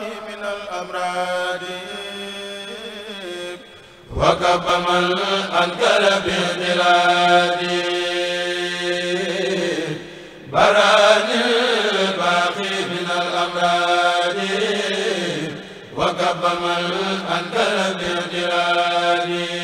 من الأمراض وكب من أنكر بالبلاد بران الباقي من الأمراض وكب من أنكر بالبلاد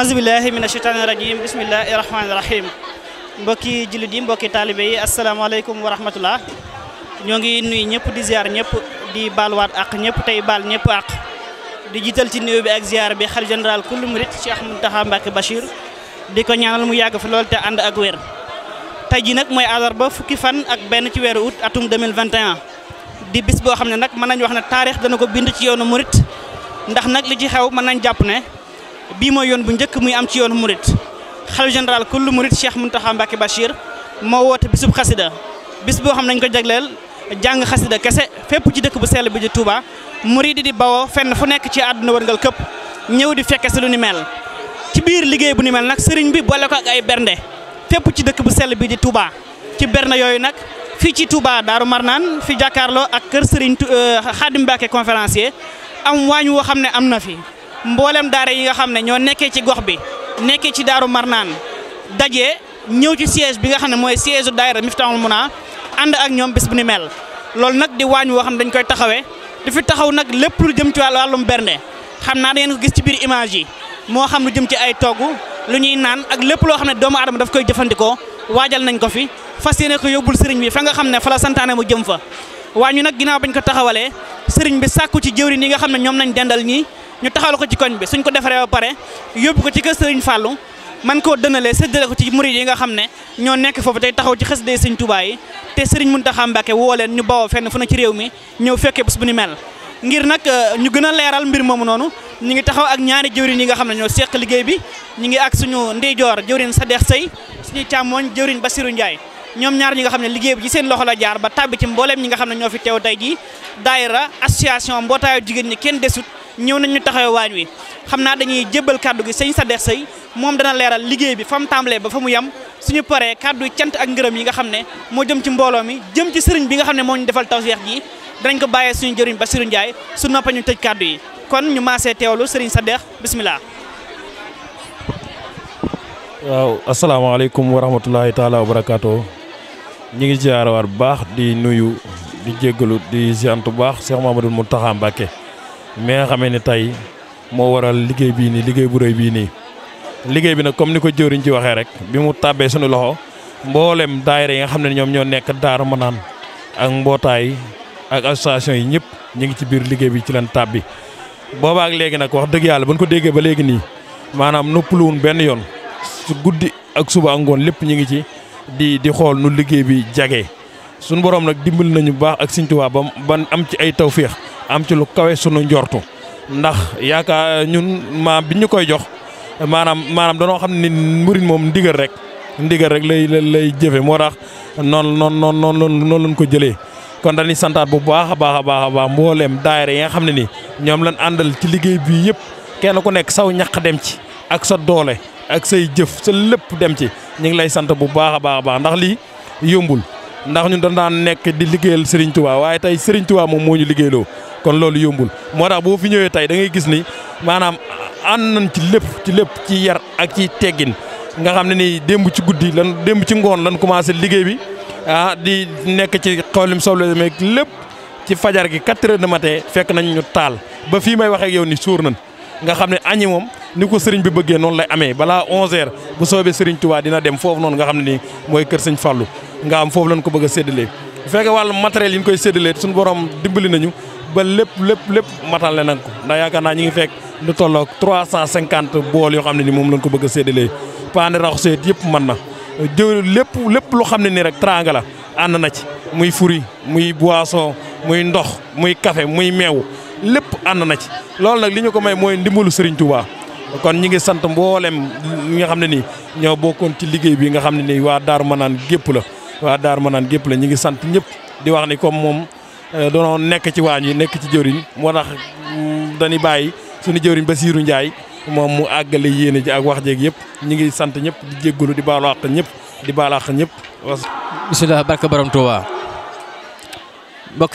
azubillahi mina sheytaani rajim bismillahi rahmaani rahim mbokki jullit yi mbokki taalibe yi asalaamaaleykum wa rahmatullah ñoo ngi nuy ñëpp di ziar ñëpp di baaluwaat ak ñëpp tey baal ñëpp ak di jiital ci néew bi ak ziar bi xal général kullu murit Cheikh Mountakha Mbacké Bachir di ko ñaanal mu yàgg fi lool te ànd ak wér tey ji nag mooy ba fukki fan ak benn ci weeru août atum 2021 di bis boo xam ne nag mën nañ wax ne taarix dana ko bind ci yoonu murit ndax nag li ci xew mën nañ jàpp ne bii mooy yoon bu njëkk muy am ci yoonu murit xalif général kullu murit Cheikh Mountakha Mbacké Bachir moo woote bisub xasida bis boo xam nañ ko jagleel jàng xasida kese fépp ci dëkk bu sell bi di Touba murit di bawoo fenn fu nekk ci àdduna wërngal këpp ñëw di fekke si lu ni mel ci biir liggéey bu ni mel nag sëriñ bi boole ko ak ay bernde fépp ci dëkk bu sell bi di Touba ci bernde yooyu nag fii ci Touba Daaru Marnaan fi jàkkaarloo ak kër sëriñ euh, Xaadim Mbacké conférencier am waañ woo xam ne am na fi mboolem daara yi nga xam ne ñoo nekkee ci gox bi nekkee ci daaru Marnaan daje ñëw ci siège bi nga xam ne mooy siège u daayira Miftahul Muna ànd ak ñoom bés bu ni mel lool nag di waañ woo xam ne dañ koy taxawee di fi taxaw nag lépp lu jëm ci wàllum bernde xam naa da ngeen ko gis ci biir image yi moo xam lu jëm ci ay togg lu ñuy naan ak lépp loo xam ne doomu aadama daf koy jëfandikoo waajal nañ ko fi fas yéene ko yóbbul sëriñ bi fa nga xam ne fa la santaane mu jëm fa waañu nag ginnaaw bañ ko taxawalee sëriñ bi sàkku ci jëwriñ yi nga xam ne ñoom nañ dendal ñi ñu taxawal ko ci koñ bi suñ ko defaree ba pare yóbbu ko ci kër Serigne Fallou man koo dënalee séddale ko ci murid yi nga xam ne ñoo nekk foofu tey taxaw ci xasida Serigne Touba yi te Serigne Mountakha Mbacké woo leen ñu bawoo fenn fu ne ci réew mi ñëw fekkee bés bu ni mel ngir nag euh, ñu gën a leeral mbir moomu noonu ñu ngi taxaw ak ñaari jëwrin yi nga xam ne ñoo seq liggéey bi ñu ngi ak suñu ndeyjoor jëwrin Sadex Sey suñu càmmooñ jëwrin Basirou Ndiaye ñoom ñaar ñi nga xam ne liggéey bi ci seen loxo la jaar ba tàbbi ci mbooleem ñi nga xam ne ñoo fi teew tey ji daayira association mbootaayu jigéen ñi kenn desut ñëw nañ ñu taxawee waañ wi xam naa dañuy jébbal kàddu gi sëñ Sadex Sey moom dana leeral liggéey bi fa mu tàmbalee ba fa mu yem suñu paree kàddu cant ak ngërëm yi nga xam ne moo jëm ci mbooloo mi jëm ci sëriñ bi nga xam ne moo ñu defal tawfeex ji danañ ko bàyyee suñu jëriñ Bassirou Ndiaye su noppa ñu tëj kàddu yi kon ñu maasee teewlu sëriñ Sadex bisimilah. waaw asalaamaaleykum wa rahmatulahi taala wa barakaatu ñu ngi ziarewaat bu baax di nuyu di jéggalu di ziant bu baax Cheikh Mamadou Mountakha Mbacké mi nga xamee ni tey moo waral liggéey bii nii liggéey bu réy bii nii liggéey bi nag comme ni ko jëwriñ ci waxee rek bi mu tàbbee suñu loxo mboolem daayira yi nga xam ne ñoom ñoo nekk Daaru Manaan ak mbootaay ak association yi ñëpp ñu ngi ci biir liggéey bi ci leen tàbbi boobaak léegi nag wax dëgg yàlla bu ñu ko déggee ba léegi nii maanaam noppaluwun benn yoon su guddi ak suba ak ngoon lépp ñu ngi ci di di xool nu liggéey bi jagee suñu borom nag dimbali nañu baax ak Sëñ Tuubaa ba am ci ay tawféex am ci lu kawe sunu njortu ndax yaakaar ñun maam bi ñu koy jox maanaam maanaam danoo xam ni murit moom ndigal rek ndigal rek lay lay jëfe moo tax noon noonu noonu noonu noonu lañ ko jëlee kon dañuy santaat bu baax a baax baax a mbooleem daayira yi nga xam ne nii ñoom lañ àndal ci liggéey bii yëpp kenn ku nekk saw ñaq dem ci ak sa doole ak say jëf sa lépp dem ci ñu ngi lay sant bu baax a baax baax ndax lii yombul ndax ñu dañ daan nekk di liggéeyal Serigne Touba waaye tey Serigne Touba moom moo ñu liggéeyloo kon loolu yombul moo tax boo fi ñëwee tey dangay gis ni maanaam ànd nan ci lépp ci lépp ci yar ak ci teggin nga xam ne ni démb ci guddi lan démb ci ngoon lan commencé liggéey bi ah di nekk ci xoolim soble meeg lépp ci fajar gi 4 heures de matin fekk nañ ñu taal ba fii may wax yow ni suur nan nga xam ne añi moom ni ko sëriñ bi bëggee noonu lay amee balaa 11h bu soobee sëriñ Touba dina dem foofu noonu nga xam ne nii mooy kër sëñ Fallou nga am foofu lañ ko bëgg a séddalee bu fekkee yi ñu koy séddalee suñu borom dimbali nañu ba lépp lépp lépp matal le nañ ko ndax yaakaar naa ñu ngi fekk lu tolloog 350 bool yoo xam ne ni moom lañ ko bëgg a séddalee paani rax seet yëpp mën na jëw lépp lépp lu xam ne nii rek teraanga la ànd na ci muy furi muy boisson muy ndox muy kafe muy meew lépp ànd na ci loolu nag li ñu ko may mooy ndimbalu Serigne Touba kon ñi ngi sant mboolem ñi nga xam ne nii ñoo bokkoon ci liggéey bi nga xam ne nii waa Darou Manane gépp la waa Darou Manane gépp la ñi ngi sant Euh, danoo nekk ci waañ yi nekk ci jëwriñ moo tax mm, dañuy bàyyi suñu ba Basirou Ndiaye moom mu àggale yéene ji ak wax jeeg yëpp ñu ngi sant ñëpp di jéggalu di baalu àq ñëpp di baalu àq ñëpp. bisimilah barka borom Touba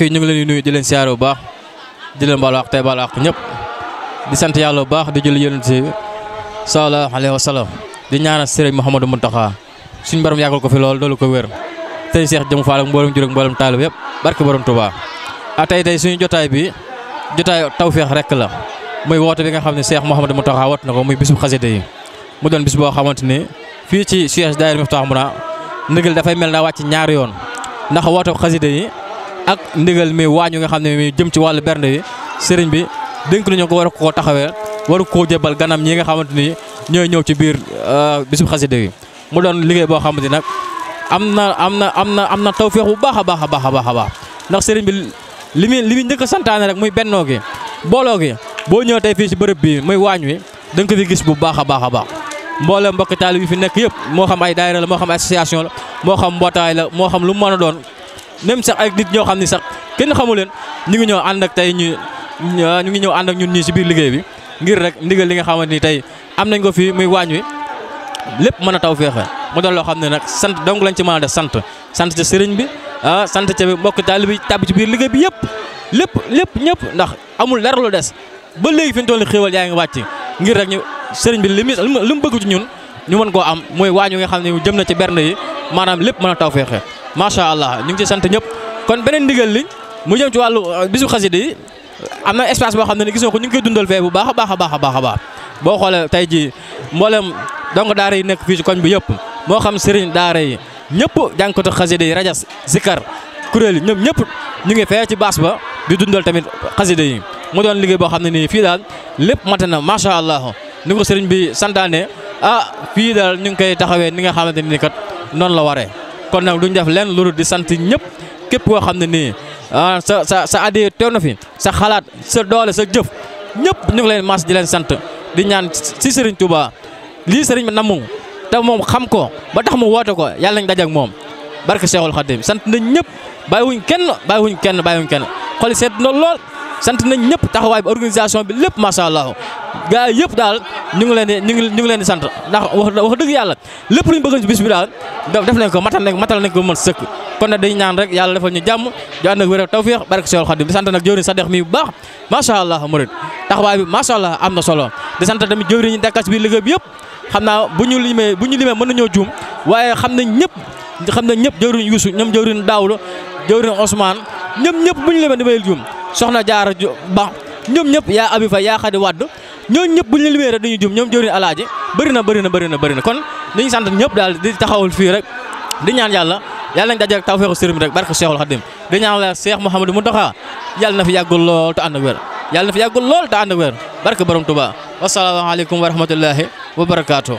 yi ñu ngi leen di nuyu di leen bu baax di leen baalu àq tey baalu àq ñëpp di sant yàlla bu baax di julli yonent si sallallahu alayhi wa sallam di ñaanal sëriñ Mouhamadou Mountakha suñu borom yàggal ko fi lool doolu ko wér. sëñ Cheikh Jëmu Fall ak mboolem jur ak mboolem taalib yëpp barke borom Touba ah, tey tey suñu jotaay bi jotaay tawféex rek la muy woote bi nga xam ne Cheikh Mouhamadou Mountakha wat na ko muy bisub xasida yi mu doon bis boo xamante ni fii ci Cheikh Daayira Miftahul Muna ndigal dafay mel na wàcc ñaari yoon ndax woote xasida yi ak ndigal mi waañu nga xam ne mi jëm ci wàllu bernde yi sëriñ bi dénk nañu ko war ko taxawee waru koo jébal ganam ñi nga xamante ni ñooy ñëw ci biir euh, bisub xasida yi mu doon nag am na am na am na am na tawféex bu baax a baax a baax a baax a baax ndax sëriñ bi li muy li muy njëkk a santaane rek muy bennoo gi booloo gi boo ñëwee tey fii si bërëb bi muy waañ wi da ko fi gis bu baax a baax a baax mboolem mbokki taali bi fi nekk yëpp moo xam ay daayira la moo xam ay association la moo xam mbootaay la moo xam lu mu mën a doon même sax ay nit ñoo xam ni sax kenn xamu leen ñu ngi ñëw ànd ak tey ñu ñu ngi ñëw ànd ak ñun ñii si biir liggéey bi ngir rek ndigal li nga xamante ni tey am nañ ko fi muy waañ wi lépp mën a taw feexe mu doon loo xam ne nag sant dong lañ ci mën a def sant sant ci sëriñ bi ah, sant ci mbokk taalibe bi biir liggéey bi yëpp lépp lépp ndax amul dara lu des ba léegi fi ñu toll xéewal yaa ngi wàcc ngir rek ñu sëriñ bi li mu bëgg ci ñun ñu mën koo am mooy waañu nga xam ne jëm na ci berne yi maanaam lépp mën a taw feexe macha allah ñu ngi ci sant ñëpp kon beneen ndigal li mu jëm ci wàllu euh, bisu xasida yi am na espace boo xam ne gis nga ko ñu ngi koy dundal fee bu baax a baax donc daara yi nekk fii ci koñ bi yëpp moo xam sëriñ daara yi ñëpp jàngkatu xasida yi rajas zikar kuréel yi ñoom ñëpp ñu ngi fee ci baas ba di dundal tamit xasida yi mu doon liggéey boo xam ne nii fii daal lépp mat na macha allah ni ko sëriñ bi santaane ah fii daal ñu ngi koy taxawee ni nga xamante ni kat noonu la waree kon nag duñ def leen loolu di sant ñëpp képp koo xam ne nii ah, sa sa sa addi teew na fi sa xalaat sa doole sa jëf ñëpp ñu ngi leen mas di leen sant di ñaan ci sëriñ Touba. lii sëriñ bi namu te moom xam ko ba tax mu woote ko yàlla nañ daje ak moom barke Cheikhul Khadim sant nañ ñëpp bàyyiwuñ kenn wuñ kenn bàyyiwuñ kenn xol seet na lool sant nañ ñëpp taxawaay bi organisation bi lépp macha allah gaa yëpp daal ñu ngi leen di ñu ngi ñu ngi leen di sant ndax wax wax dëgg yàlla lépp lu ñu bëggoon ci bis daal def nañ ko matal nañ ko matal nañ ko mën sëkk kon nag dañu ñaan rek yàlla defal ñu jàmm di ànd ak wér tawfiix barke Cheikhul Khadim di sant nag jëwriñ Sadex bu baax macha allah murid taxawaay bi macha allah am na solo di sant tamit jëwriñ ñi dàkkas bi liggéey bi yëpp xam naa bu ñu limee bu ñu limee mën nañoo waaye xam nañ ñëpp xam nañ ñëpp jëwriñ Youssou ñoom jëwriñ Daawuda jëwriñ Ousmane ñoom ñëpp bu ñu limee damay juum soxna Jaara Ba ñoom ñëpp yaa Abi Faye yaa Xadi Wàdd ñooñu ñëpp bu ñu limee rek dañuy juum ñoom jëwriñ Alaaji bëri na bëri na bëri na bëri na kon dañuy sant ñëpp daal di taxawul fii rek di ñaan yàlla yàlla nañ daje ak tawfeexu sëriñ bi rek barke Seexul Xadim di ñaan la Seex Muhammadu Muntaxa yàlla na fi yàggul na fi yàggul lool te ànd wa barakaatu.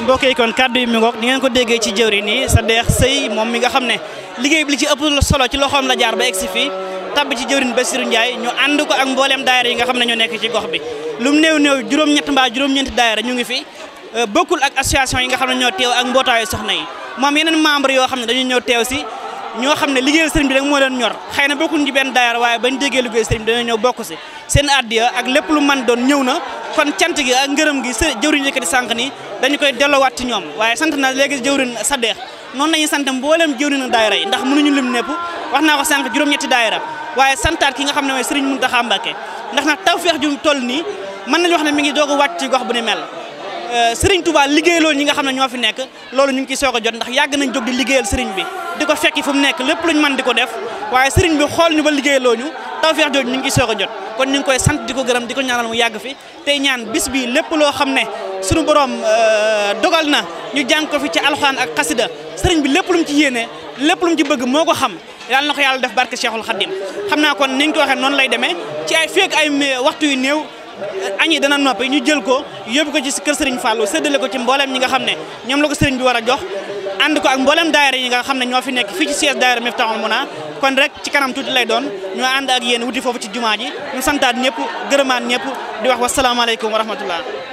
mbokk yi kon kàddu yi mi ngoog ni ko déggee ci jëwriñ yi sa deex sëy moom mi nga xam ne liggéey bi li ci ëpp solo ci loxoom la jaar ba egsi fi tàbbi ci jëwriñ Bassirou Ndiaye ñu ànd ko ak mbooleem daayira yi nga xam ne ñoo nekk ci gox bi lum néew néew juróom-ñett mbaa juróom-ñeenti daayira ñu ngi fi euh, bokkul ak association yi nga xam ne ñoo teew ak mbootaayu soxna yi moom yeneen membre yoo xam ne dañu ñoo teew si ñoo xam ne liggéeyal sëriñ bi rek moo leen ñor xëy na bokkuñ ci benn daayar waaye bañ déggee liggéeyal sëriñ bi ñëw bokk si seen addiya ak lépp lu man doon ñëw na kon cant gi ak ngërëm gi sa jëwriñ yëkkati sànq ni dañu koy delloowaat ci ñoom waaye sant na léegi jëwriñ Sadeex noonu lañuy sant mboolem jëwriñu daayira yi ndax mënuñu lim népp wax naa ko sànq juróom-ñetti daayira waaye santaat ki nga xam ne mooy sëriñ Muntaxa Mbàkke ndax nag tawfeex ju toll nii mën nañu wax ne mi ngi doog a ci gox bu ni mel euh, sëriñ Touba liggéey loolu ñi nga xam ne ñoo fi nekk loolu ñu ngi ciy soog a ndax yàgg nañ jóg di liggéeyal sëriñ bi di ko fekki fu mu nekk lépp luñ mën di ko def waaye sëriñ bi xool ñu ba liggéeyloo ñu tawfeex jooju ñu ngi soog a jot kon ñu koy sant di ko gërëm di ko ñaanal mu yàgg fi tey ñaan bis bi lépp loo xam ne sunu borom euh, dogal na ñu jàng ko fi ci alxuraan ak xasida sëriñ bi lépp lu mu ci yéene lépp lu ci bëgg moo ko xam yal na ko yàlla def barke Cheikhul Khadim xam naa kon ni ko waxee noonu lay demee ci ay feeg ay waxtu yu néew euh, añi dana noppi ñu jël ko yóbbu ko ci kër sëriñ Fallou séddale ko ci mbooleem ñi nga xam ne ñoom la ko sëriñ bi war a jox ànd ko ak mboolem daayira yi nga xam ne ñoo fi nekk fii ci siège daayira Miftahoul Mouna kon rek ci kanam tuut lay doon ñoo ànd ak yéen wuti foofu ci jumaa ji ñu santaat ñëpp gërëmaat ñëpp di wax wasalaamaaleykum wa rahmatullah